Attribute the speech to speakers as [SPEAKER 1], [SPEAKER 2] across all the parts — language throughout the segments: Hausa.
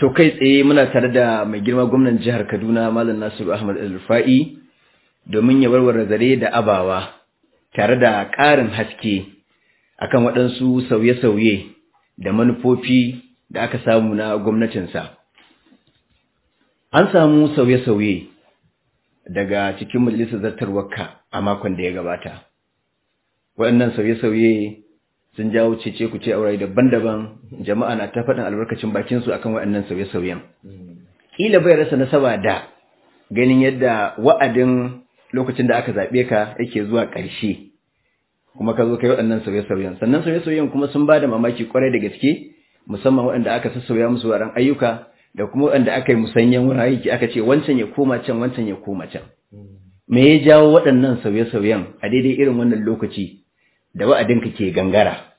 [SPEAKER 1] to kai tsaye muna tare da mai girma gwamnan jihar Kaduna Malam Nasiru Ahmad Al-Rufai domin ya warware zare da abawa tare da ƙarin haske akan waɗansu sauye-sauye da manufofi da aka samu na gwamnatinsa. An samu sauye-sauye daga cikin majalisar zartarwarka a makon da ya gabata. Waɗannan sauye-sauye sun jawo cece ku ce aure daban-daban jama'a na ta faɗin albarkacin bakinsu su akan waɗannan sauye-sauyen kila bai rasa nasaba da ganin yadda wa'adin lokacin da aka zaɓe ka yake zuwa ƙarshe kuma ka zo ka yi waɗannan sauye-sauyen sannan sauye-sauyen kuma sun ba da mamaki kwarai da gaske musamman waɗanda aka sassauya musu waran ayyuka da kuma waɗanda aka yi musanyen wurin aiki aka ce wancan ya koma can wancan ya koma can me ya jawo waɗannan sauye-sauyen a daidai irin wannan lokaci da wa'adinka ke gangara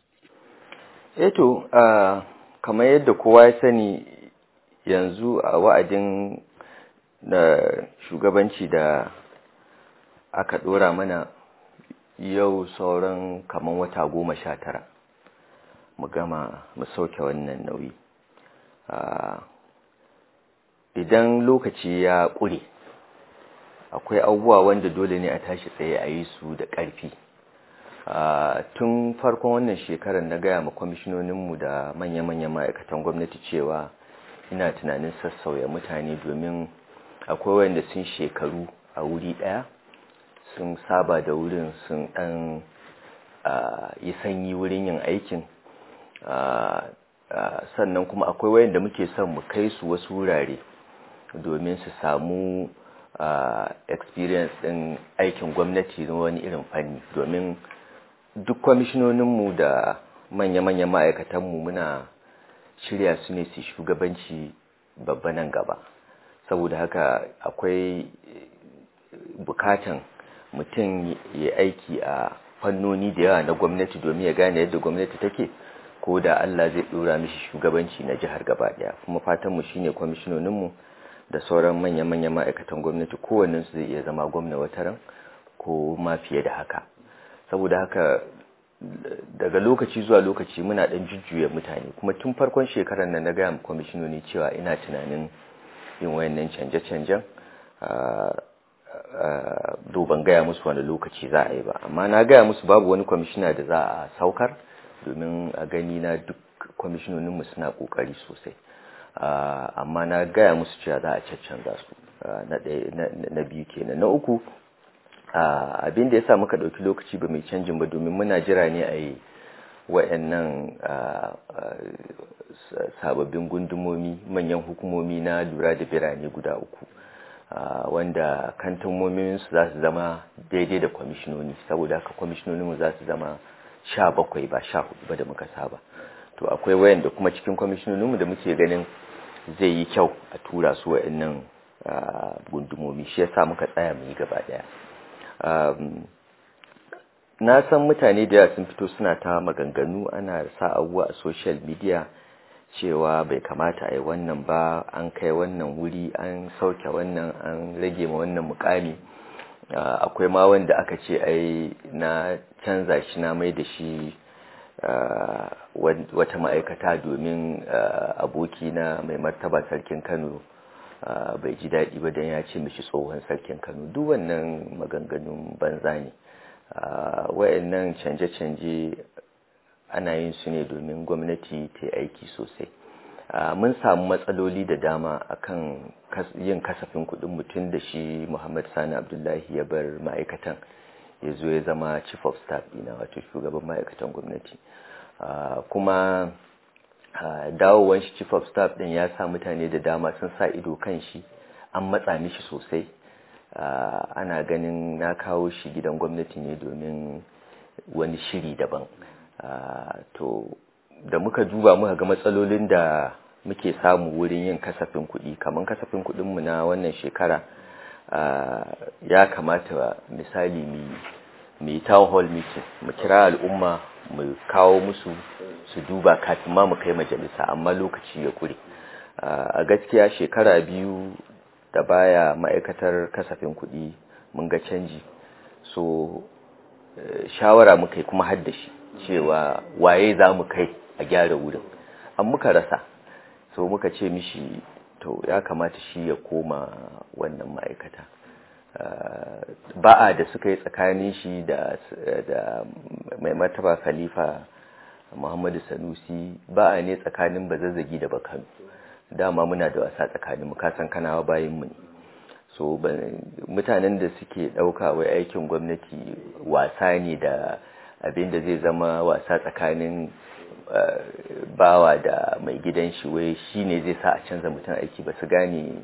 [SPEAKER 1] eto eh kamar yadda kowa ya sani yanzu a wa'adin na shugabanci da aka ɗora mana yau sauran kamar wata goma sha tara mu gama mu sauke wannan nauyi idan lokaci ya ƙure akwai abubuwa wanda dole ne a tashi tsaye a yi su da ƙarfi tun farkon wannan shekarar na gaya ma kwamishinoninmu da manya-manya ma'aikatan gwamnati cewa ina tunanin sassauya mutane domin akwai wanda sun shekaru a wuri ɗaya sun saba da wurin sun ɗan yi sanyi wurin yin aikin sannan kuma akwai wayanda muke son mu kai su wasu wurare domin su samu experience ɗin aikin gwamnati na wani irin fanni domin duk kwamishinoninmu da manya-manyan ma'aikatanmu muna shirya su ne su shugabanci babban nan gaba saboda haka akwai bukatan mutum ya aiki a fannoni da yawa na gwamnati domin ya gane yadda gwamnati take ko da Allah zai dora mishi shugabanci na jihar gaba daya kuma fatanmu shi ne kwamishinoninmu da sauran manya-manyan ma'aikatan gwamnati kowannensu zai iya zama gwamna wataran ko ma fiye da haka saboda haka daga lokaci zuwa lokaci muna dan jujjuya mutane kuma tun farkon shekarar nan na gaya kwamishinoni cewa ina tunanin yin wayannan canje-canjen ban gaya musu wani lokaci za a yi ba amma na gaya musu babu wani kwamishina da za a saukar domin a gani na duk kwamishinoninmu suna kokari sosai amma na gaya musu cewa za a caccanza su na biyu kenan na uku abin da ya sa muka ɗauki lokaci ba mai canjin ba domin muna jira ne a yi wa'annan sababbin gundumomi manyan hukumomi na lura da birane guda uku wanda su za su zama daidai da kwamishinoni saboda haka kwamishinoninmu za su zama sha bakwai ba sha hudu ba da muka saba to akwai wayanda kuma cikin mu da muke ganin zai yi kyau a tura su wa'annan gundumomi shi ya sa muka tsaya mu yi gaba daya Um, na san mutane da yawa sun fito suna ta maganganu ana sa abuwa a social media cewa bai kamata a yi wannan ba an kai wannan wuri an sauke wannan an rage ma wannan mukami uh, akwai ma wanda aka ce ai na canza shi na mai da shi uh, wata ma'aikata domin uh, aboki na mai martaba sarkin kano Ah, bai ji daɗi ba don ya ce mishi tsohon sarkin kano duk wannan maganganun banza ne ah, wayannan canje-canje ana yin su ne domin gwamnati ta yi aiki sosai ah, mun samu matsaloli da dama akan yin kasafin kudin mutum da shi muhammad sani abdullahi ya bar ma'aikatan ya zo ya zama chief of staff dina wato shugaban ma'aikatan gwamnati kuma dawowan shi chief of staff din ya sa mutane da dama sun sa ido kan shi an matsa mishi sosai ana ganin na kawo shi gidan gwamnati ne domin wani shiri daban to da muka duba muka ga matsalolin da muke samu wurin yin kasafin kuɗi kamar kasafin kuɗinmu na wannan shekara ya kamata misali mai town hall meeting mu kira al'umma mu kawo musu su duba kafin ma mu kai majalisa amma lokaci ya kure a gaskiya shekara biyu da baya ma'aikatar kasafin kuɗi mun ga canji so eh, shawara muka yi kuma haddashi cewa waye za mu kai a gyara wurin an muka rasa so muka ce mishi to ya kamata shi ya koma wannan ma'aikata Uh, ba'a da suka yi tsakanin shi da mai martaba khalifa muhammadu sanusi ba'a ne tsakanin ba zazzagi da bakan dama muna da wasa tsakanin mu kasan kanawa bayan mu so mutanen da suke dauka wai aikin gwamnati wasa ne da abin da zai zama wasa tsakanin uh, bawa da mai gidan shi wai shine zai sa a canza mutum aiki ba su gane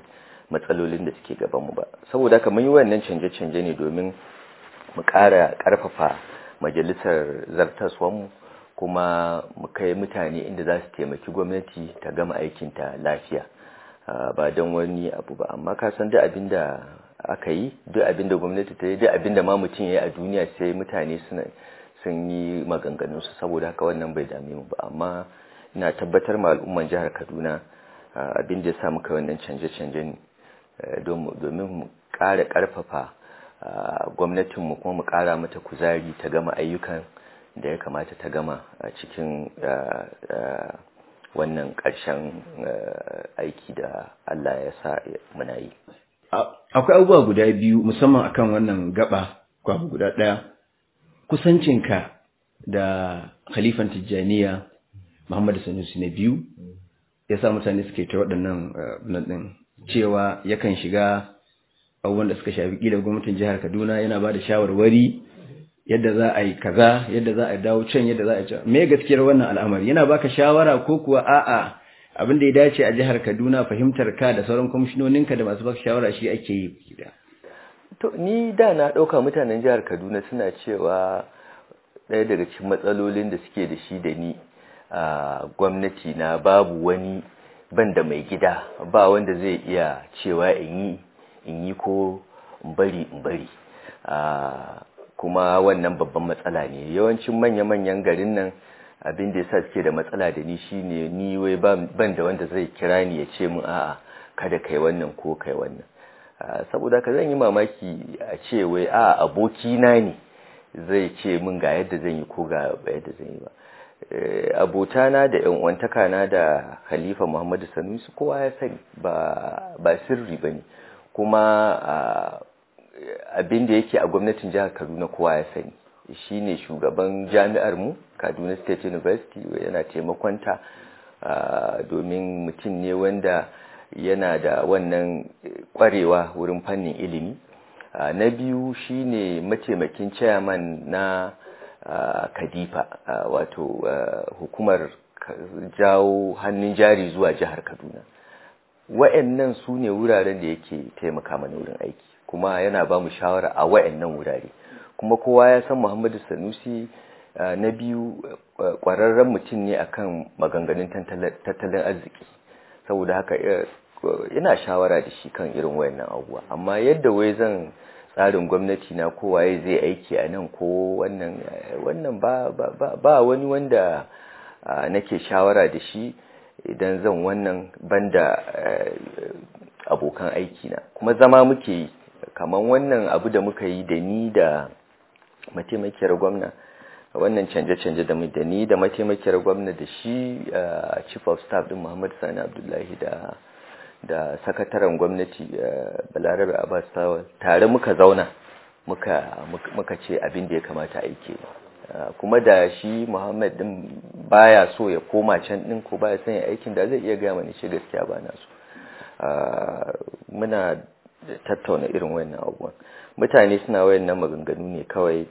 [SPEAKER 1] matsalolin da suke gaban mu ba saboda haka mun yi wannan canje-canje ne domin mu ƙara ƙarfafa majalisar mu kuma mu kai mutane inda za su taimaki gwamnati ta gama aikinta lafiya ba don wani abu ba amma ka san duk abin da aka yi duk abin da gwamnati ta yi duk abin da ma mutum ya yi a duniya sai mutane sun yi maganganunsu saboda haka wannan bai dame mu ba amma ina tabbatar ma al'umman jihar kaduna abin da ya sa muka wannan canje canje ne. Eh, domin mu ƙara ƙarfafa ah, gwamnatinmu kuma mu ƙara mata kuzari ta gama ayyukan da ya kamata ta gama a cikin ah, ah, wannan ƙarshen aiki da Allah ya sa muna yi. Akwai abubuwa guda biyu musamman akan wannan gaba kwabu guda ɗaya kusancinka da khalifan tijjaniya Muhammadu Sanusi na biyu ya sa mutane suke ta waɗannan cewa yakan shiga abubuwan da suka shafi ƙila gwamnatin jihar kaduna yana ba da shawarwari yadda za a yi kaza yadda za a dawo can yadda za a can me gaskiyar wannan al'amari yana baka shawara ko kuwa a'a abin da ya dace a jihar kaduna fahimtar ka da sauran kwamishinoninka da masu baka shawara shi ake yi gida to ni da na ɗauka mutanen jihar kaduna suna cewa ɗaya daga cikin matsalolin da suke da shi da ni a gwamnati na babu wani ban da mai gida ba wanda zai iya cewa in yi in yi ko in bari in bari ah, kuma wannan babban matsala ne yawancin manya-manyan garin nan abin da yasa suke da matsala da ni shine ni wai ban da wanda zai kira ni ya ce min a'a kada kai wannan ko kai wannan ah, saboda ka zan yi mamaki a ce wai a aboki ne zai ce min ga yadda zan yi ko ga yadda zan yi ba Eh, abotana da uwantaka na da khalifa muhammadu sanusi kowa ya sani ba sirri ba ne kuma abin da yake a gwamnatin jihar kaduna kowa ya sani shi ne shugaban jami'ar mu kaduna state university yana taimakonta domin mutum ne wanda yana da wannan kwarewa wurin fannin ilimi na biyu shine mataimakin chairman na kadifa wato hukumar jawo hannun jari zuwa jihar kaduna wa'annan su ne wuraren da yake taimaka mana wurin aiki kuma yana ba mu shawara a wa'annan wurare kuma kowa ya san muhammadu sanusi na biyu kwararren mutum ne akan maganganun tattalin arziki saboda haka eh, ina shawara da shi kan irin wayannan abubuwa amma yadda wai zan tsarin gwamnati na kowaye zai aiki a nan ko wannan ba, wani wanda nake shawara da shi idan zan wannan banda eh, abokan aiki na kuma zama muke yi kamar wannan abu da muka yi da ni da mataimakiyar gwamna wannan canje-canje da da ni da mataimakiyar gwamna da shi eh, chief of staff din Muhammad Sani Abdullahi da da sakataren gwamnati eh, balarabe abbas tare muka zauna muka ce abin da ya kamata aike eh, kuma da shi muhammad din baya so ya koma can din ko baya son ya aikin da zai iya gaya mani ce gaskiya ba na so eh, muna tattauna irin wannan abubuwan mutane suna wayannan maganganu ne kawai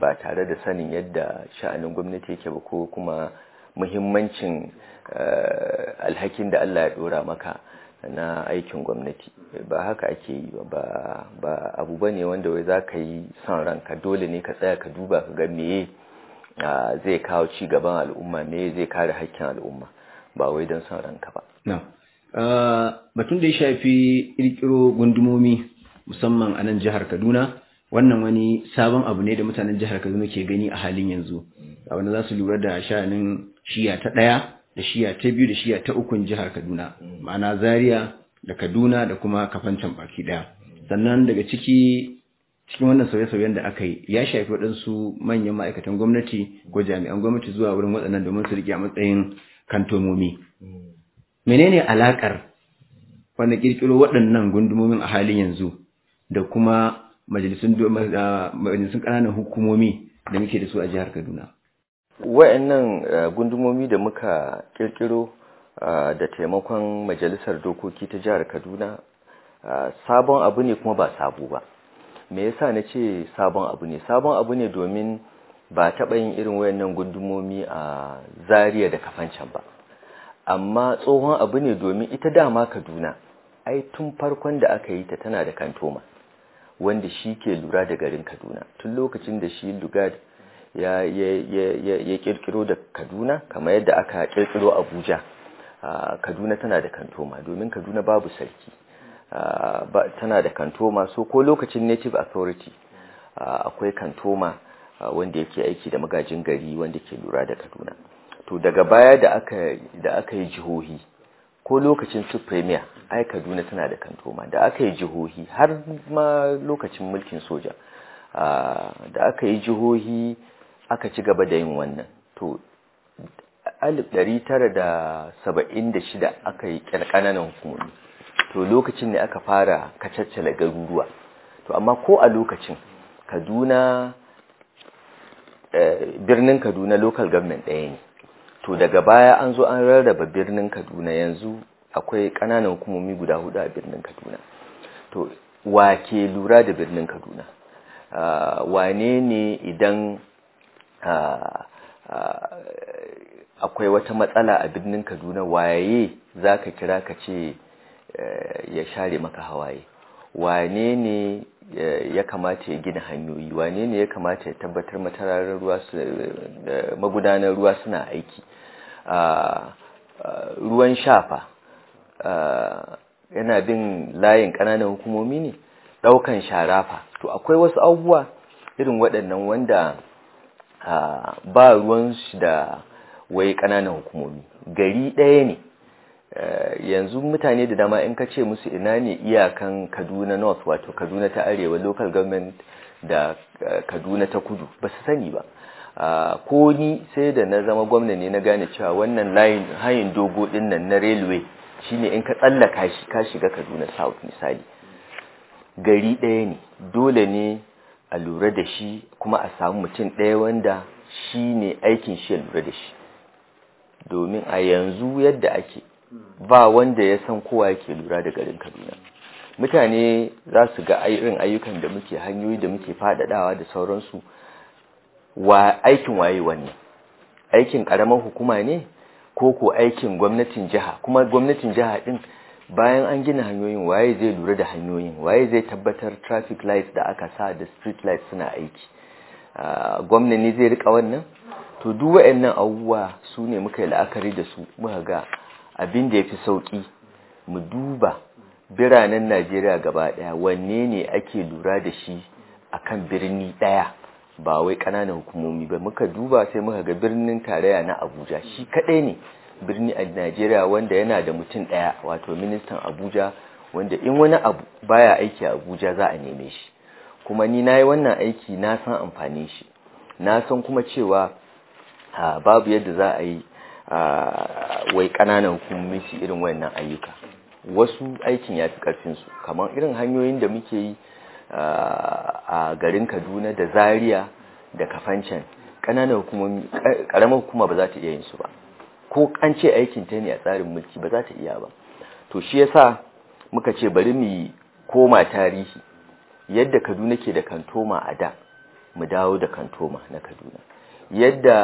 [SPEAKER 1] ba tare da sanin yadda sha'anin gwamnati yake ba ko kuma muhimmancin alhakin da Allah ya dora maka na aikin gwamnati ba haka ake yi ba ba abu bane wanda wai za ka yi son ranka dole ne ka tsaya ka duba ka ga meye zai kawo ci gaban al'umma meye zai kare hakkin al'umma ba wai don son ranka ba batun da ya shafi kirkiro gundumomi musamman a nan jihar Kaduna wannan wani sabon abu ne da mutanen jihar Kaduna ke gani a halin yanzu a wanda za su lura da sha'anin shiya ta ɗaya da shiya ta biyu da shiya ta ukun jihar Kaduna ma'ana Zaria da Kaduna da kuma kafancan baki daya sannan daga ciki cikin wannan sauye-sauyen da aka yi ya shafi waɗansu manyan ma'aikatan gwamnati ko jami'an gwamnati zuwa wurin waɗannan domin su rike a matsayin kantomomi menene alakar wanda ƙirƙiro waɗannan gundumomin a halin yanzu da kuma majalisun ƙananan hukumomi da muke da su a jihar kaduna wa'annan eh, gundumomi da muka kirkiro eh, da taimakon majalisar dokoki ta jihar kaduna eh, sabon abu ne kuma ba sabo ba me yasa na ce sabon abu ne sabon abu ne domin ba taɓa yin irin wayannan gundumomi a zariya da kafancan ba amma tsohon abu ne domin ita dama kaduna ai tun farkon da aka yi ta tana da kantoma wanda shi ke lura da garin kaduna tun lokacin da shi lugard ya ƙirƙiro kirkiro da Kaduna kamar yadda aka kirkiro Abuja Kaduna tana da kantoma domin Kaduna babu sarki tana da kantoma so ko lokacin native authority akwai kantoma wanda yake aiki da magajin gari wanda ke lura da Kaduna to daga baya da aka da aka yi jihohi ko lokacin su premier ai Kaduna tana da kantoma da aka yi jihohi har ma lokacin mulkin soja da aka yi jihohi aka ci gaba da yin wannan to tara da shida aka yi ƙananan hukumomi to lokacin ne aka fara kacaccala garuruwa to amma ko a lokacin kaduna eh, birnin kaduna local government ɗaya ne to daga baya an zo an rarraba birnin kaduna yanzu akwai kananan hukumomi guda hudu a birnin kaduna to wa ke lura da birnin kaduna ah, wane ne idan akwai wata matsala a birnin kaduna waye za ka kira ka ce e, ya share maka hawaye wane ne e, ya kamata ya gina hanyoyi wane ne ya kamata ya tabbatar ruwa e, magudanar ruwa suna aiki ruwan shafa yana bin layin ƙananan hukumomi ne ɗaukan sharafa to akwai wasu abubuwa irin waɗannan wanda ba ruwan shi da wai ƙananan hukumomi gari ɗaya ne eh, yanzu mutane da dama in ka ce musu ina ne iyakan kaduna north wato kaduna ta arewa local government da eh, kaduna ta kudu ba su sani ba ah, ko ni sai da na zama gwamna ne na gane cewa wannan layin hayin dogo din nan na railway shine in ka tsallaka shi ka shiga kaduna south misali gari ɗaya ne dole ne a lura da shi kuma a samu mutum ɗaya wanda shi ne aikin shi a lura da shi domin a yanzu yadda ake ba wanda ya san kowa yake lura da garin kaduna mutane za su ga irin ayyukan da muke hanyoyi da muke faɗaɗawa da sauransu wa aikin waye wannan aikin ƙaramar hukuma ne ko ko aikin gwamnatin jiha kuma gwamnatin jiha ɗin bayan an gina hanyoyin waye zai lura da hanyoyin waye zai tabbatar traffic lights da aka sa da street lights suna aiki ah, Gwamnani zai rika wannan to duk wayannan abubuwa su ne muka yi la'akari da su muka ga abin da ya fi sauƙi mu duba biranen najeriya gaba ɗaya wanne ne ake lura da shi a kan birni ɗaya ba wai ƙananan hukumomi ba muka duba sai muka ga birnin tarayya na abuja shi kaɗai ne birni a Najeriya wanda yana da mutum daya wato ministan Abuja wanda in wani abu baya aiki a Abuja za a neme shi kuma ni na yi wannan aiki na san amfani shi na san kuma cewa babu yadda za a yi wai kananan hukumomi irin wannan ayyuka wasu aikin ya fi ƙarfinsu kamar irin hanyoyin da muke yi a garin kaduna da zaria da kafancan ƙananan hukumomi ƙaramar hukuma ba za ta iya yin su ba ko an ce aikin ta ne a tsarin mulki ba za ta iya ba to shi yasa muka ce bari mu yi koma tarihi yadda Kaduna ke da kantoma a da mu dawo da kantoma na Kaduna yadda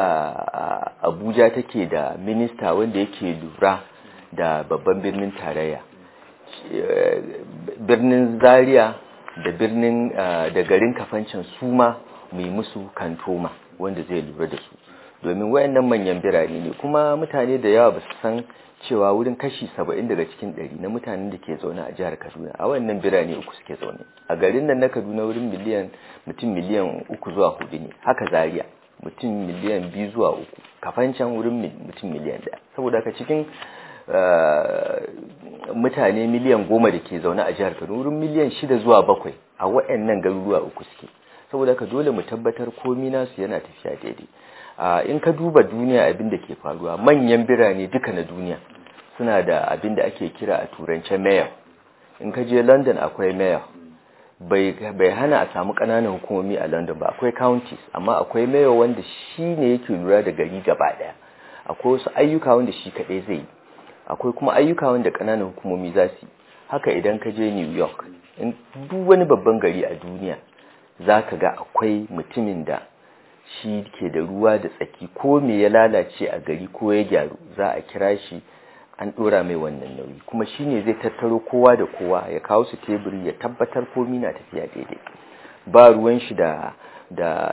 [SPEAKER 1] Abuja take da minista wanda yake lura da babban birnin tarayya birnin Zaria da birnin da garin Kafancin Suma mai musu kantoma wanda zai lura da su domin wayannan manyan birane ne kuma mutane da yawa ba su san cewa wurin kashi saba'in daga cikin ɗari na mutanen da ke zaune a jihar kaduna a wayannan birane uku suke zaune a garin nan na kaduna wurin miliyan mutum miliyan uku zuwa hudu ne haka zaria mutum miliyan biyu zuwa uku kafancan wurin mutum miliyan ɗaya saboda haka cikin eh, mutane miliyan goma da ke zaune a jihar kaduna wurin miliyan shida zuwa bakwai a wayannan garuruwa uku suke saboda haka dole mu tabbatar komi nasu yana tafiya daidai in ka duba duniya abin da ke faruwa manyan birane duka na duniya suna da abin da ake kira a turance mayor in ka je london akwai mayor bai hana a samu ƙananan hukumomi a london ba akwai counties amma akwai mayor wanda shi ne yake lura da gari gaba ɗaya akwai wasu ayyuka wanda shi kaɗai zai yi akwai kuma ayyuka wanda kananan hukumomi za su yi haka idan ka je new york in duk wani babban gari a duniya za ka ga akwai mutumin da shi ke da ruwa da tsaki ko me ya lalace a gari ko ya gyaru za a kira shi an dora mai wannan nauyi kuma shi ne zai tattaro kowa da kowa ya kawo su teburi ya tabbatar komi na tafiya daidai ba ruwan shi da da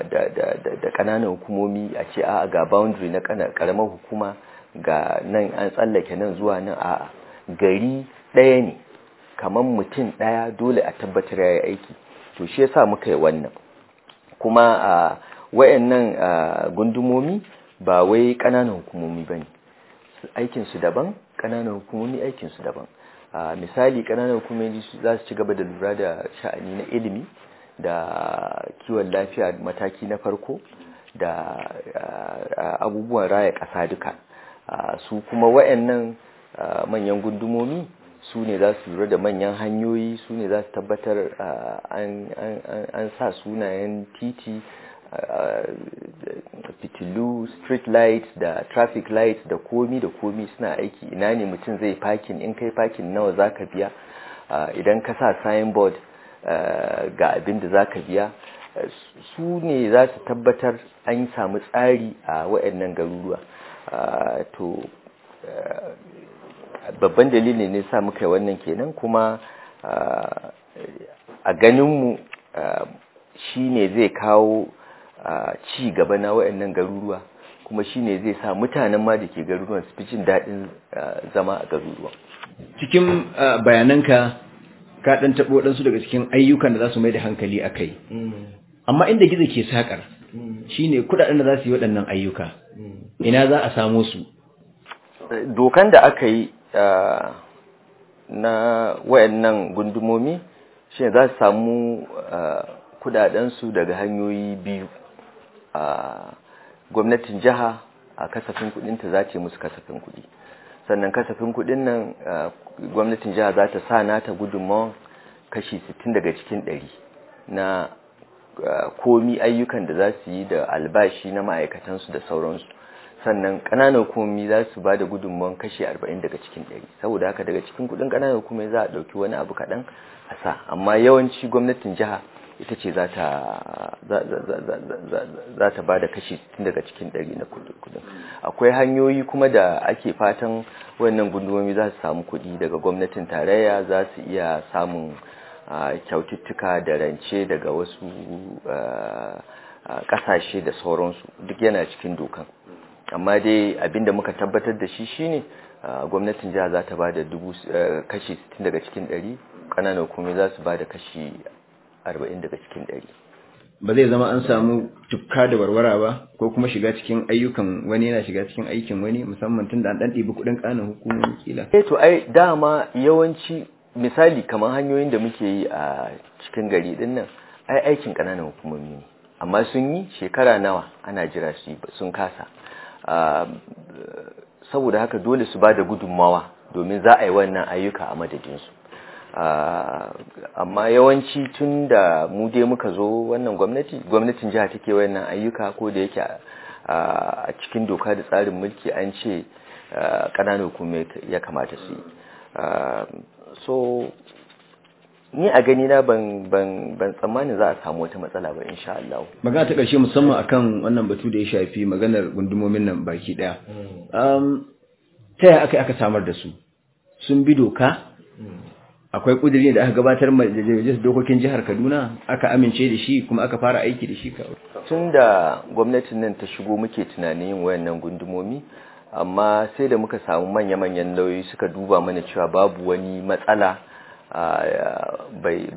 [SPEAKER 1] da kananan hukumomi a ce a ga boundary na karamar hukuma ga nan an tsallake nan zuwa nan a gari ɗaya ne kamar mutum ɗaya dole a tabbatar ya yi aiki to shi yasa muka yi wannan kuma a ah, wayannan gundumomi ba wai ƙananan hukumomi ba ne su daban ƙananan hukumomi aikinsu daban misali ƙananan hukumomi za su ci gaba da lura da sha'ani na ilimi da kiwon lafiya mataki na farko da abubuwan raya ƙasa duka su kuma wayannan manyan gundumomi su ne za su lura da manyan hanyoyi su ne za su tabbatar an sa sunayen titi Uh, uh, fitilu street light da traffic light da komi da komi suna aiki ina ne mutum zai parking in kai parking nawa zaka biya uh, idan ka sa signboard ga abin da zaka biya su ne za su tabbatar an yi samu tsari a waɗannan garuruwa to babban dalilin ne sa muka yi wannan kenan kuma a ganinmu shi ne zai kawo ci gaba na wayannan garuruwa kuma shine zai sa mutanen ma da ke garuruwan su fi jin daɗin zama a garuruwan cikin bayananka ka ɗan taɓo ɗansu daga cikin ayyukan da za su mai da hankali a kai mm. amma inda gizo ke sakar mm. shine kuɗaɗen da za su yi waɗannan ayyuka mm. ina za a samo su eh, dokan da aka yi na wayannan gundumomi shine za su samu su daga hanyoyi biyu a gwamnatin jiha a kasafin ta za ta musu kasafin kudi sannan kasafin kudin nan gwamnatin jiha za ta sa na nata gudunmawar kashi 60 daga cikin 100 na komi ayyukan da za su yi da albashi na ma'aikatansu da sauransu sannan ƙananan hukumomi za su ba da gudunmawar kashi 40 daga cikin 100 saboda haka daga cikin kudin ƙananan hukumomi za a ɗauki wani abu kaɗan a sa amma yawanci gwamnatin jiha ita ce za ta ba da kashi tun daga cikin ɗari na kudin akwai hanyoyi kuma da ake fatan wannan gundumomi za su samu kudi daga gwamnatin tarayya za su iya samun kyaututtuka da rance daga wasu ƙasashe da sauransu duk yana cikin dokan amma dai abinda muka tabbatar da shi shine gwamnatin jiha za ta ba da kashi 60 daga cikin 100 ƙananan kuma za su ba da kashi arba'in daga cikin ɗari ba zai zama an samu tukka da warwara ba ko kuma shiga cikin ayyukan wani yana shiga cikin aikin wani musamman tun da an ɗanɗe bi kuɗin ƙanan hukumomi kila eh to ai dama yawanci misali kamar hanyoyin da muke yi a cikin gari ɗin nan ai aikin ƙananan hukumomi ne amma sun yi shekara nawa ana jira su sun kasa ah, saboda haka dole su ba da gudunmawa domin za a yi wannan ayyuka a madadinsu amma yawanci tun da mu dai muka zo wannan gwamnati gwamnatin jiha take wayannan ayyuka ko da yake a cikin doka da tsarin mulki an ce ƙananan hukumai ya kamata su yi so ni a gani na ban tsammanin za a samu wata matsala ba insha Allah magana ta ƙarshe musamman akan wannan batu da ya shafi maganar gundumomin nan baki daya hmm. ta yaya aka aka samar da su sun bi doka hmm. akwai kudiri da aka gabatar majalisar dokokin jihar kaduna aka amince da shi kuma aka fara aiki da shi kawai tun da gwamnatin nan ta shigo muke tunanin yin wayannan gundumomi amma sai da muka samu manya-manyan lauyi suka duba mana cewa babu wani matsala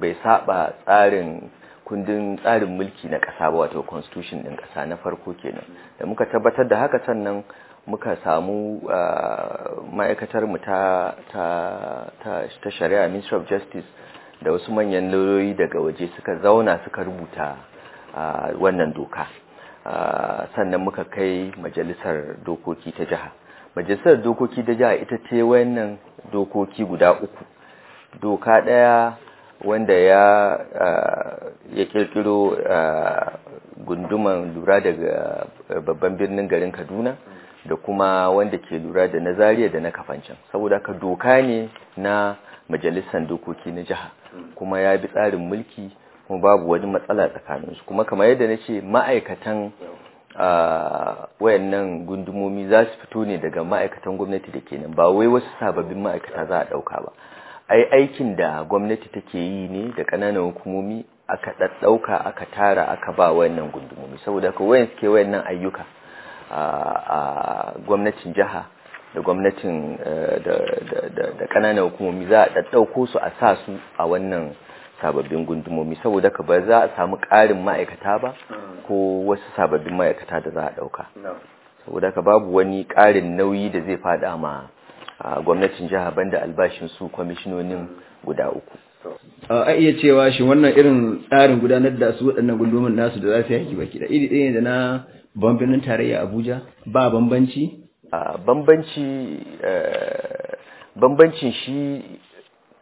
[SPEAKER 1] bai saba tsarin kundin tsarin mulki na ƙasa ba wato constitution ɗin ƙasa na farko kenan da muka tabbatar da haka sannan muka samu ah, ma'aikatar mu ta ta shari'a ministry of justice da wasu manyan lauyoyi daga waje suka zauna suka rubuta ah, wannan doka ah, sannan muka kai majalisar dokoki ta jiha majalisar dokoki ta jiha ita ce wannan dokoki guda uku doka ɗaya wanda ya ya kirkiro gunduman lura daga babban birnin garin kaduna da kuma wanda ke lura da na zariya da na kafancin saboda ka doka ne na majalisar dokoki na jiha kuma ya bi tsarin mulki kuma babu wani matsala tsakaninsu kuma kamar yadda na ce ma'aikatan wayannan gundumomi za su fito ne daga ma'aikatan gwamnati da kenan ba wai wasu sababbin ma'aikata za a ɗauka ba ai aikin da gwamnati take yi ne da ƙananan hukumomi aka ɗauka aka tara aka ba wayannan gundumomi saboda ka wayan suke wayannan ayyuka a gwamnatin jiha da gwamnatin eh, da ƙananan hukumomi za a ɗaɗɗauko su a sa su a wannan sababbin gundumomi saboda ka ba za a samu ƙarin ma'aikata ba ko wasu sababbin ma'aikata da za a ɗauka saboda ka babu wani ƙarin nauyi da zai faɗa ma gwamnatin jiha banda albashin su kwamishinonin guda uku a iya cewa shi wannan irin tsarin gudanar da su waɗannan gundumin nasu da za su yaki baki da iri ɗaya da na tarayya abuja ba bambanci bambanci eh, bambancin shi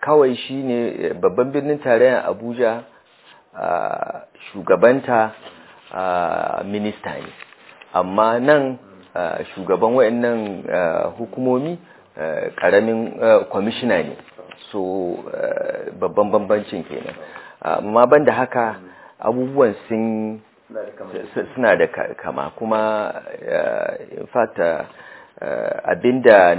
[SPEAKER 1] kawai shi ne eh, babban birnin tarayyar abuja shugabanta minista ne amma nan shugaban wayannan hukumomi karamin eh, kwamishina ne so babban bambancin kenan amma da haka abubuwan sun suna da kama kuma in fata abinda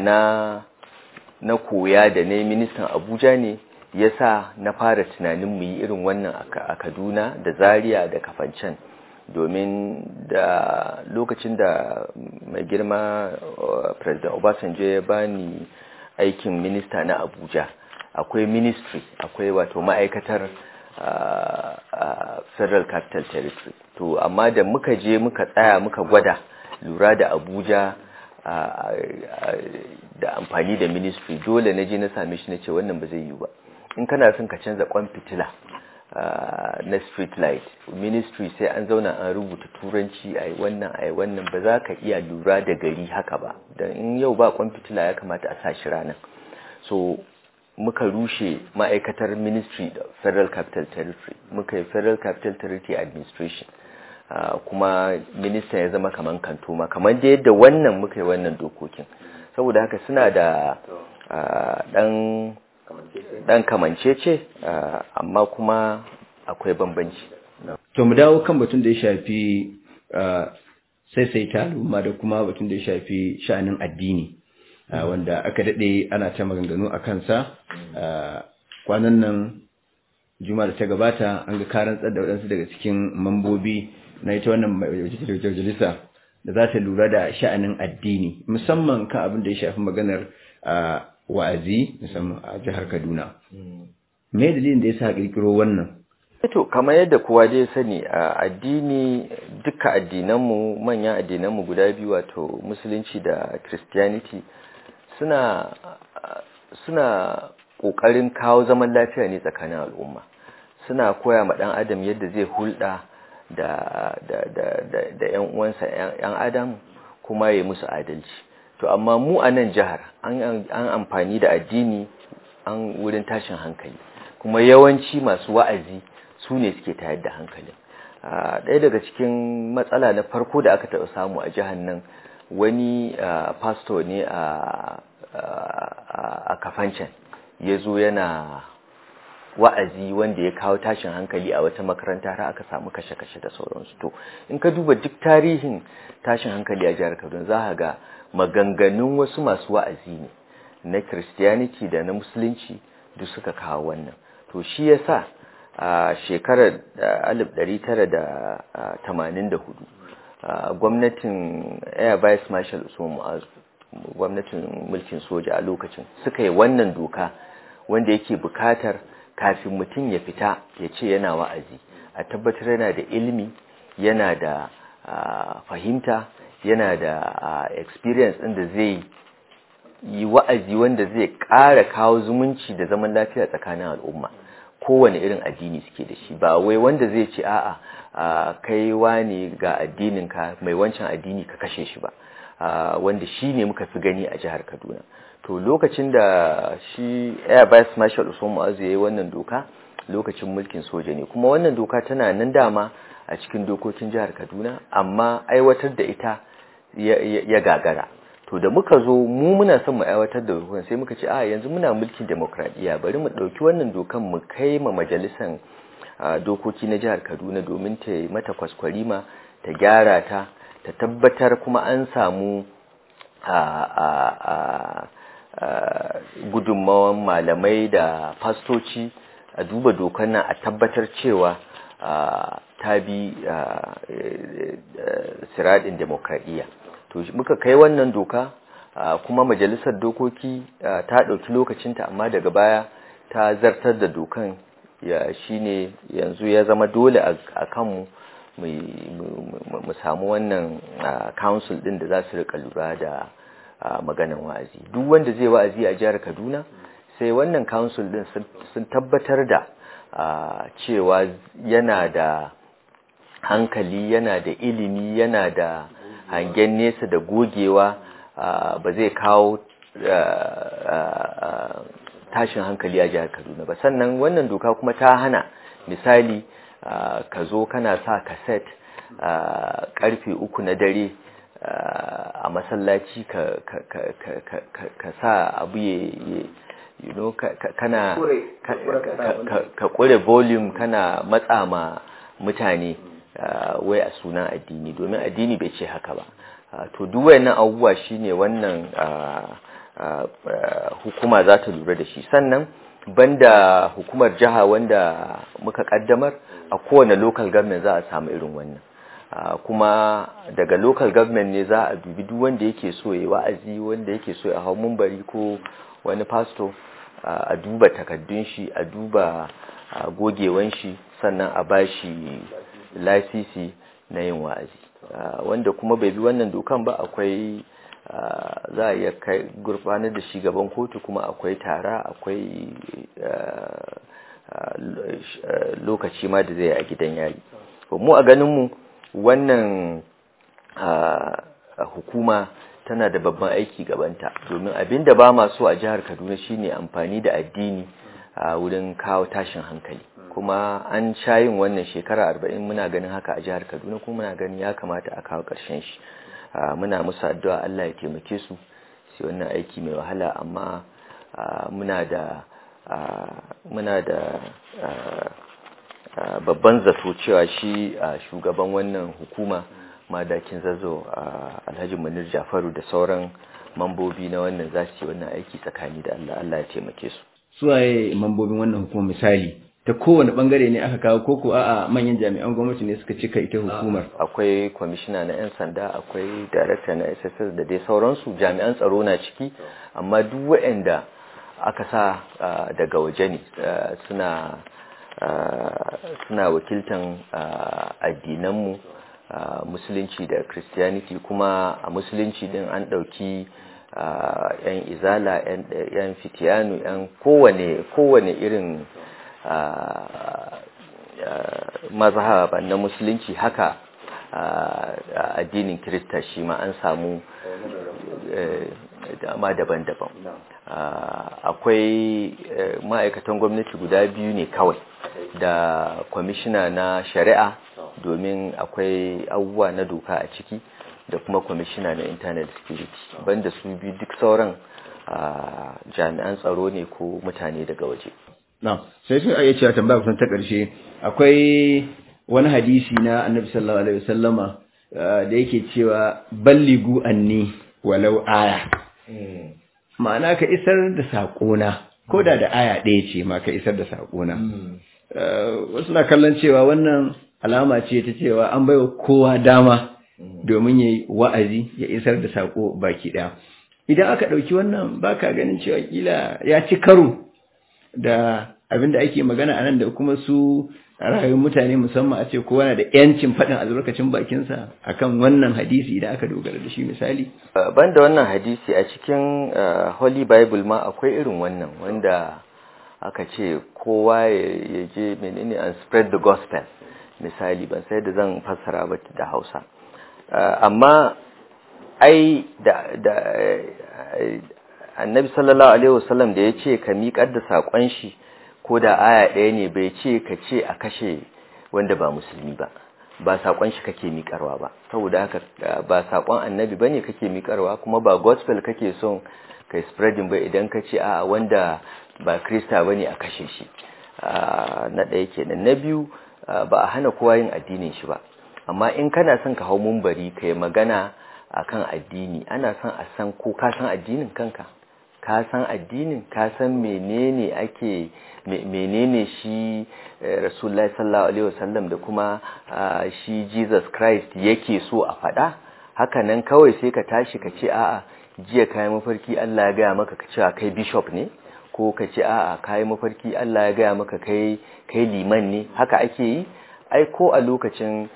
[SPEAKER 1] na koya da na ministan abuja ne ya sa na fara tunanin mu yi irin wannan a kaduna da zaria da kafancan domin da lokacin da mai girma president obasanjo ya bani aikin minista na abuja akwai ministry akwai wato ma'aikatar a federal capital territory to amma da muka je muka tsaya muka gwada lura da abuja da amfani da ministry dole na je na same shi na ce wannan ba zai yi ba in kana son ka canza kwan fitila na street light ministry sai an zauna an rubuta turanci a wannan a wannan ba za ka iya lura da gari haka ba don in yau ba kwan fitila ya kamata a sa shi ranar so muka rushe ma'aikatar ministry da federal capital territory muka yi federal capital territory administration ah, kuma minista ya zama kaman kantoma kamar da yadda wannan muka yi wannan dokokin saboda haka suna da dan ah, dan kamancece ah, amma kuma akwai bambanci to mu dawo kan batun da ya shafi sai sai ta da kuma batun da ya shafi sha'anin addini Ah, mm-hmm. wanda aka daɗe ana ta maganganu a kansa mm-hmm. ah, kwanan nan juma'a da ta gabata an ga karantsar da waɗansu daga cikin mambobi na ita wannan majalisa da za ta lura da sha'anin addini musamman kan abin da ya shafi maganar ah, wa'azi musamman a jihar kaduna mm-hmm. me dalilin da ya sa kirkiro wannan eh to kamar yadda kowa dai sani a addini duka addinanmu manyan addinanmu guda biyu wato musulunci da christianity suna suna kokarin kawo zaman lafiya ne tsakanin al'umma suna koya ma dan adam yadda zai hulɗa da da da da ƴan uwansa ƴan adam kuma ya musu adalci to amma mu a nan jihar an amfani da addini an wurin tashin hankali kuma yawanci masu wa'azi su ne suke tayar da hankalin ah, ɗaya daga cikin matsala na farko da aka taɓa samu a jihar nan wani pastor ne a a kafancan ya zo yana wa'azi wanda ya kawo tashin hankali a wata makaranta har aka samu kashe-kashe da sauransu to in ka duba duk tarihin tashin hankali a jihar kaduna za a ga maganganun wasu masu wa'azi ne na christianity da na musulunci duk suka kawo wannan to shi ya sa a shekarar 1984 gwamnatin air vice marshal usman gwamnatin mulkin soja a lokacin suka yi wannan doka wanda yake bukatar kafin mutum ya fita ya ce yana wa'azi a tabbatar yana da ilimi yana da fahimta yana da experience ɗin da zai yi wa'azi wanda zai ƙara kawo zumunci da zaman lafiya tsakanin al'umma kowane irin addini suke da shi ba wai wanda zai ce a'a kai wani ga addinin ka mai wancan addini ka kashe shi ba wanda shi ne muka fi gani a jihar kaduna to lokacin da shi air vice marshal usman mu'azu ya yi wannan doka lokacin mulkin soja ne kuma wannan doka tana nan dama a cikin dokokin jihar kaduna amma aiwatar da ita ya gagara to da muka zo mu muna son mu aiwatar da dokan sai muka ce a yanzu muna mulkin demokradiya bari mu dauki wannan dokan mu kai ma majalisan dokoki na jihar Kaduna domin ta yi mata kwaskwarima ta gyara ta ta tabbatar kuma an samu a gudunmawan malamai da fastoci a duba dokan nan a tabbatar cewa ta bi e, e, e, siradin demokradiya to muka kai wannan doka kuma majalisar dokoki ta ɗauki lokacinta amma daga baya ta zartar da dokan ya shine yanzu ya zama dole a kanmu mu samu wannan council ɗin da za su rika lura da maganin wa'azi duk wanda zai wa'azi a jihar kaduna sai wannan council ɗin sun tabbatar da cewa yana da hankali yana da ilimi yana da hangen nesa da gogewa ba zai kawo tashin hankali a jihar kaduna ba sannan wannan doka kuma ta hana misali ka zo kana sa kaset karfe uku na dare a masallaci ka sa abu ya you ka kure volume kana matsa ma mutane Uh, wai a suna addini domin addini bai ce haka ba uh, to duk wayannan abubuwa shine wannan uh, hukuma za ta lura da shi sannan banda hukumar jiha wanda muka kaddamar a kowane local government za a samu irin wannan kuma daga local government ne za a dubi duk wanda yake so ya wa'azi wanda yake so ya hau mumbari ko wani pastor a duba takaddun shi a duba gogewan shi sannan a bashi lasisi na yin wa'azi ah, wanda kuma bai bi wannan dokan ba akwai ah, za a iya gurfanar da shi gaban kotu kuma akwai tara akwai ah, lokaci ma da zai a gidan yari mu a ganinmu wannan hukuma tana da babban aiki gabanta domin abinda ba masu a jihar kaduna shine amfani da addini a wurin kawo tashin hankali kuma an yin wannan shekara arba'in muna ganin haka a jihar kaduna kuma muna ganin ya kamata a kawo ƙarshen shi muna musu addu'a allah ya taimake su sai wannan aiki mai wahala amma muna da muna da babban zato cewa shi shugaban wannan hukuma madakin zazo alhaji munir jafaru da sauran mambobi na wannan za su yi wannan aiki tsakani da allah allah ya taimake su suwaye mambobin wannan hukumar misali ta kowane bangare ne aka kawo koko a manyan jami'an gwamnati ne suka cika ita hukumar akwai kwamishina na 'yan sanda akwai darakta na sss da dai sauransu jami'an tsaro na ciki amma duk waɗanda aka sa daga waje ne suna wakiltan addinanmu musulunci da christianity kuma a musulunci din an ɗauki yan izala yan fitiyanu yan kowane kowane irin mazhaba na musulunci haka addinin kirista shi ma an samu e, dama daban-daban akwai e, ma'aikatan gwamnati guda biyu ne kawai da kwamishina na shari'a domin akwai abubuwa na doka a ciki da kuma kwamishina na internet security banda su bi duk sauran jami'an tsaro ne ko mutane daga waje na sai sai ayyace cewa tambaya kusan ta karshe akwai wani hadisi na annabi sallallahu alaihi wasallama da yake cewa balligu anni walau aya hmm. ma'ana ka isar da saƙona ko da da aya ɗaya ce ma ka isar da saƙona hmm. wasu na kallon cewa wannan alama ce ta cewa an baiwa kowa dama Mm. domin ya yi wa'azi ya isar da saƙo baki ɗaya idan aka ɗauki wannan ba ka ganin cewa ƙila ya ci karo da abin da ake magana a nan da kuma su rayuwar mutane musamman a ce kowa na da yancin faɗin albarkacin bakinsa a kan wannan hadisi idan aka dogara da shi misali ban da wannan hadisi a cikin uh, holy bible ma akwai irin wannan wanda aka ce kowa ya je menene and spread the gospel misali ban sai da zan fassara ba da hausa Uh, amma ai da eh, annabi sallallahu alaihi wasallam da yace ka miƙar da sakon shi ko da aya ɗaya ne bai ce ka ce a kashe wanda ba musulmi ba ba saƙon shi kake miƙarwa ba saboda haka uh, ba saƙon annabi bane kake miƙarwa kuma ba gospel kake son kai spreading ba idan ka ce a wanda ba krista bane a kashe shi uh, na ɗaya kenan na biyu ba a hana kowa yin addinin shi ba amma in kana son ka hau mumbari yi magana akan addini ana son a san ko ka san addinin kanka ka san addinin ka san menene ake menene shi eh, rasulullahi sallallahu alaihi wasallam da kuma ah, shi Jesus Christ yake so a faɗa haka nan kawai sai ka tashi ka ce a'a jiya ka yi mafarki Allah ya gaya maka ka cewa kai bishop ne ko ka ce a'a ka yi mafarki Allah ya gaya maka kai kai liman ne haka ake yi ai ko a lokacin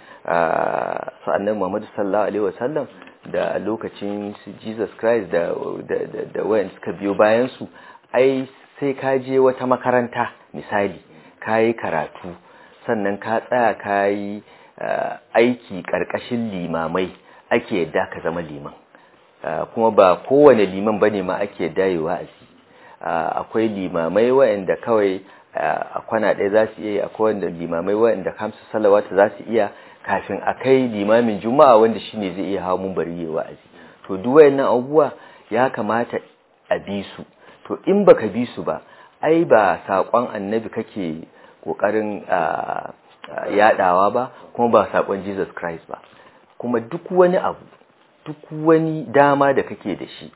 [SPEAKER 1] sa’an nan Muhammadu sallallahu alaihi wasallam da lokacin Jesus Christ da da wayan suka biyo bayansu ai sai ka je wata makaranta misali kayi karatu sannan ka tsaya kayi aiki ƙarƙashin limamai ake yadda ka zama liman kuma ba kowane liman ba ne ma ake dayewa a akwai limamai waɗanda kawai a kwana ɗaya za su iya akwai wanda limamai wayanda kamsu salawata za su iya kafin a kai limamin juma'a wanda shi ne zai iya hawa bari ya wa'azi to duk wayannan abubuwa ya kamata a bi su to in baka bi su ba ai ba saƙon annabi kake ƙoƙarin yaɗawa ba kuma ba saƙon Jesus Christ ba kuma duk wani abu duk wani dama da kake da shi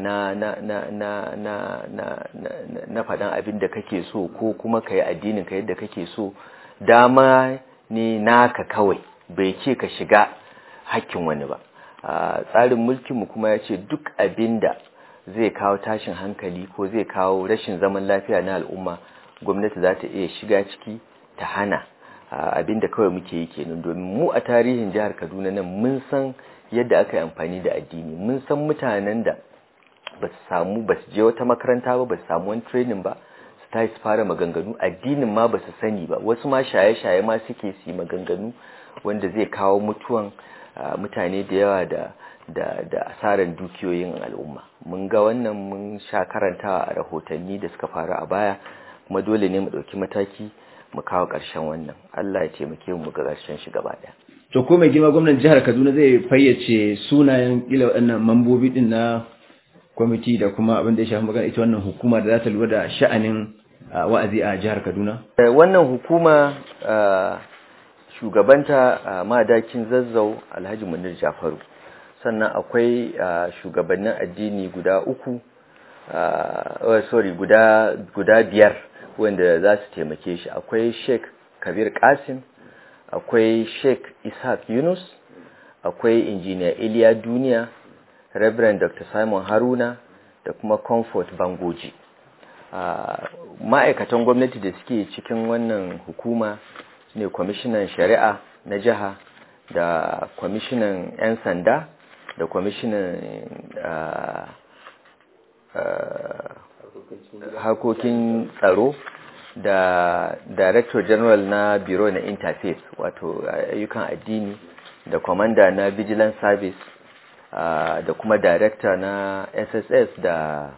[SPEAKER 1] na na na na na na na faɗan abin da kake so ko kuma ka yi addinin ka yadda kake so dama ni naka kawai bai ce ka shiga hakkin wani ba tsarin mulkinmu kuma ya ce duk abinda zai kawo tashin hankali ko zai kawo rashin zaman lafiya na al'umma gwamnati za ta iya shiga ciki ta hana abinda kawai muke yi kenan domin mu a tarihin jihar kaduna nan mun san yadda aka yi amfani da addini mun san mutanen da ba su samu ba su je wata makaranta ba ba su samu wani training ba ta su fara maganganu addinin ma ba su sani ba wasu ma shaye-shaye ma suke su maganganu wanda zai kawo mutuwan mutane da yawa da da da asaran dukiyoyin al'umma mun ga wannan mun sha karantawa a rahotanni da suka faru a baya kuma dole ne mu ɗauki mataki mu kawo ƙarshen wannan Allah ya taimake mu ga karshen shi gaba daya to ko mai gima gwamnan jihar Kaduna zai fayyace sunayen kila waɗannan mambobi din na kwamiti da kuma abin da ya shafi magana ita wannan hukuma da za ta lura da sha'anin wa'azi a jihar Kaduna? Eh, wannan hukuma shugabanta madakin zazzau Alhaji Munir Jafaru. Sannan akwai shugabannin addini guda uku, oh, sorry guda biyar wanda za su taimake shi. Akwai Sheikh Kabir Kasim, akwai Sheikh Ishaq Yunus, akwai injiniya Iliya Duniya, Reverend Dr. Simon Haruna da kuma Comfort Bangoji. ma'aikatan gwamnati da suke cikin wannan hukuma ne kwamishinan shari'a na jiha da kwamishinan 'yan sanda da kwamishinan harkokin tsaro da director general na biro na interfaith wato ayyukan addini da commander na vigilance service da kuma director na sss da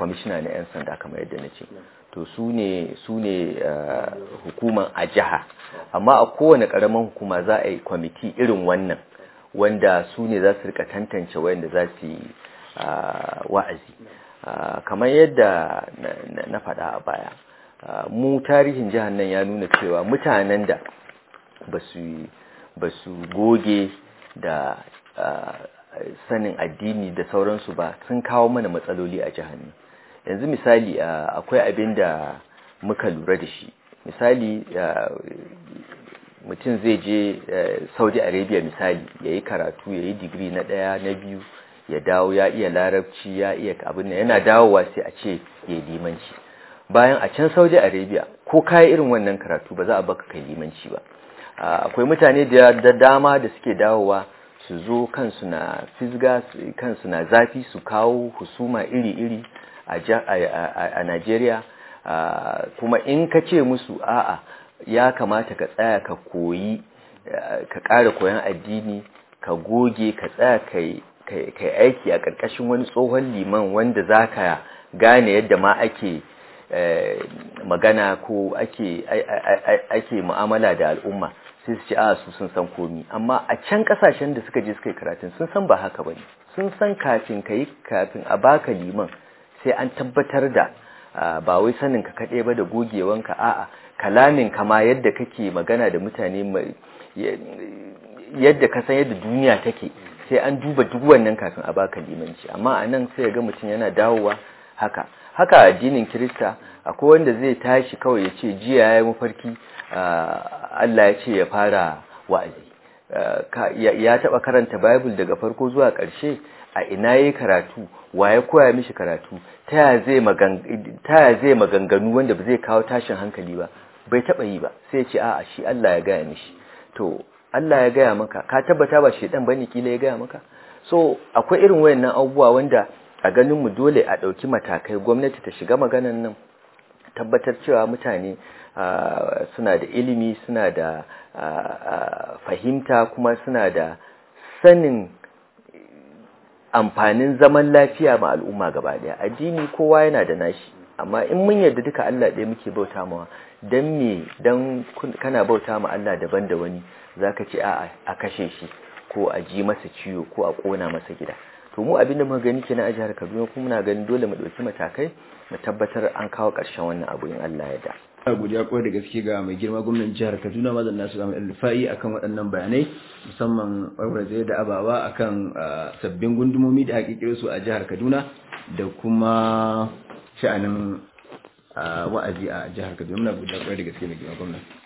[SPEAKER 1] kwamishina na 'yan sanda kamar yadda na ce to su ne eh, hukuman a jiha amma a kowane ƙaramin hukuma za a yi kwamiti irin wannan wanda su ne za su rika tantance wayanda za su yi eh, wa'azi eh, kamar yadda na faɗa a baya mu tarihin jihar nan ya nuna cewa mutanen da ba su goge da sanin addini da sauransu ba sun kawo mana matsaloli a jihar nan yanzu misali akwai abin da muka lura da shi misali mutum zai je saudi arabia misali ya yi karatu ya yi digiri na ɗaya na biyu ya dawo ya iya larabci ya iya abin da, yana dawowa sai a ce ya yi limanci bayan a can saudi arabia ko kayi irin wannan karatu ba za a baka kai limanci ba akwai mutane da dama da suke dawowa su zo kansu na fisga kansu na zafi su kawo husuma iri-iri a Najeriya kuma in ka ce musu a'a ya kamata ka tsaya ka koyi ka ƙara koyon addini ka goge ka tsaya ka kai aiki a ƙarƙashin wani tsohon liman wanda za ka gane yadda ma ake eh, magana ko ake mu'amala da al'umma sai su ce a su sun san komi amma a can kasashen da suka je suka yi karatun sun san ba haka ba ne sun san kafin ka yi kafin a baka liman sai an tabbatar da ba wai sanin ka kaɗai ba da gogewanka a'a kalamin ka ma yadda kake magana da mutane yadda ka san yadda duniya take sai an duba duk wannan kafin a baka limanci amma a nan sai ga mutum yana dawowa haka haka addinin kirista akwai wanda zai tashi kawai ya ce jiya ya mafarki allah ya ce ya fara wa'azi ya taɓa karanta bible daga farko zuwa karshe. a ina yayi karatu Wa ya koya mishi karatu taya zai zai maganganu wanda ba zai kawo tashin hankali ba bai taba yi ba sai ya ce a'a shi Allah ya gaya mishi to Allah ya gaya maka ka tabbata ba dan bane kila ya gaya maka so akwai irin wayannan abubuwa wanda a ganin mu dole a dauki matakai gwamnati ta shiga maganan nan tabbatar cewa mutane suna da ilimi suna da fahimta kuma suna da sanin amfanin zaman lafiya ma al'umma gaba daya addini kowa yana da nashi amma in mun yarda duka Allah ɗaya muke bauta mawa dan me dan kana bauta ma Allah daban da wani zaka ce a a kashe shi ko a ji masa ciwo ko a kona masa gida to mu abinda muka gani kenan a jihar Kaduna kuma muna gani dole mu dauki matakai mu tabbatar an kawo ƙarshen wannan abu in Allah ya yarda a godiya kawai da gaske ga mai girma gwamnan jihar kaduna mazan nasu ga alfa'i akan waɗannan bayanai musamman warware da ababa akan sabbin gundumomi da hakikiro su a jihar kaduna da kuma sha'anin wa'azi a jihar kaduna muna godiya kawai da gaske mai girma gwamnan